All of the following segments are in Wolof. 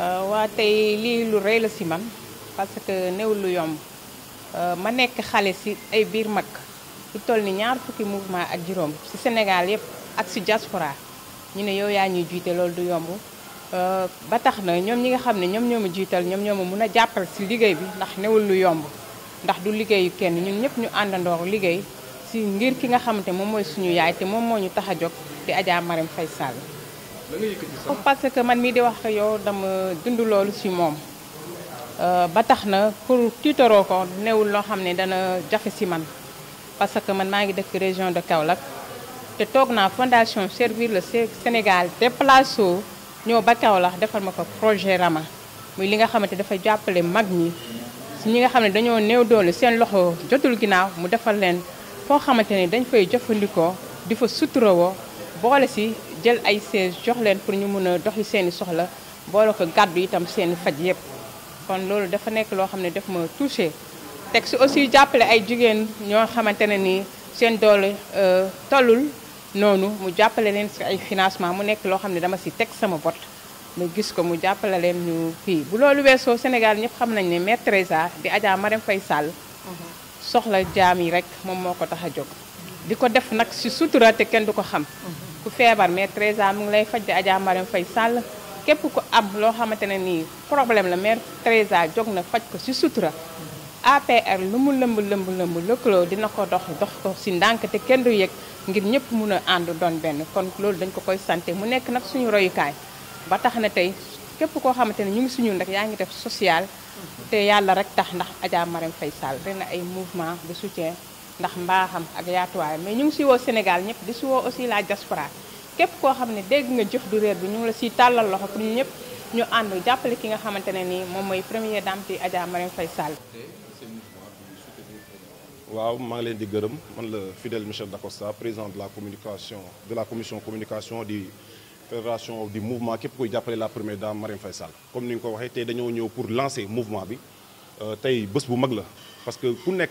Euh, waa tey lii lu rey la si man parce que néew lu yomb euh, ma nekk xale si ay biir mag lu toll ni ñaar fukki mouvement ak juróom si Sénégal yëpp ak si diaspora ñu ne yow yaa ñuy jiite loolu du yomb euh, ba tax na ñoom ñi nga xam ne ñoom ñoo ma jiital ñoom ñoo ma mun a jàppale si liggéey bi ndax newul lu yomb ndax du liggéeyu kenn ñun ñëpp ñu àndandoor liggéey si ngir ki nga xamante moom mooy suñu yaay te moom moo ñu tax a jóg di Adja Marème Faye Sall parce que man mii di wax yow dama dund loolu ci moom euh, ba tax na pour tiitaroo ko newul loo xam ne dana jafe ci man parce que man maa ngi dëkk région de Kaolack te toog naa fondation Servir le Sénégal déplacé ñëw ba Kaolack defar ma ko projet Rama muy li nga xamante dafa jàppale mag ñi si ñi nga xam ne dañoo néew doole seen loxo jotul ginnaaw mu defal leen foo xamante ne dañ fay jëfandikoo di fa suturawoo boole si jël ay siège jox leen pour ñu mun a doxi seen i soxla boole ko gàddu itam seeni faj yëpp kon loolu dafa nekk loo xam ne daf ma touché teg si aussi jàppale ay jigéen ñoo xamante ne nii seen doole euh, tollul noonu mu jàppale leen si ay financement mu nekk loo xam ne dama si teg sama bot ma gis ko mu jàppale leen ñu fii bu loolu weesoo Sénégal ñëpp xam nañ ne Mère Teresa di Adja Marème Faye Sall mhm. soxla jaam yi rek moom moo ko tax a jóg di ko def nag si sutura kenn du ko xam mhm. ku feebar mère Trésa mu ngi lay faj di Adja Marème Faye Sall képp ku am loo xamante ne nii problème la mère Trésa jóg na faj ko si sutura APR lu mu lëmb lëmb lëmb lëkkaloo dina ko dox dox ko si ndànk te kenn du yëg ngir ñëpp mun a ànd doon benn kon loolu dañ ko koy sante mu nekk nag suñu royukaay ba tax na tey képp koo xamante ne ñu ngi suñu nag yaa ngi def social te yàlla rek tax ndax Adja Marème Faye Sall ren ay mouvement de soutien ndax mbaaxam ak mais ñu Sénégal ñëpp di aussi la diaspora pour dame la Michel Dacosta président de la communication de la commission communication du mouvement la première dame comme ni nga ko pour lancer mouvement bi euh, bu parce que ku nekk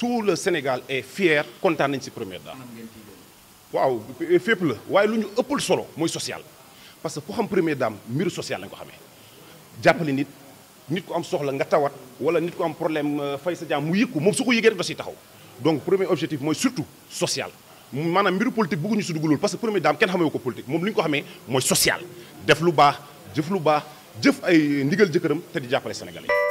tout le Sénégal est fier kontaan nañ si première dame. waaw fépp la waaye lu ñu ëppal solo mooy social. parce que pour xam première dame mbiru social lañ ko xamee jàppale nit nit ko am soxla nga tawat wala nit ku am problème euh, fay sa jaam mu yëg ko moom su ko yëgee taxaw donc premier objectif moi surtout social. maanaam mbiru politique bëgguñu si dugg loolu parce que première dame ken xamee ko politique moom li ko xamee mooy social def lu déf jëf lu baax jëf ay ndigal jëkkëram te di Sénégalais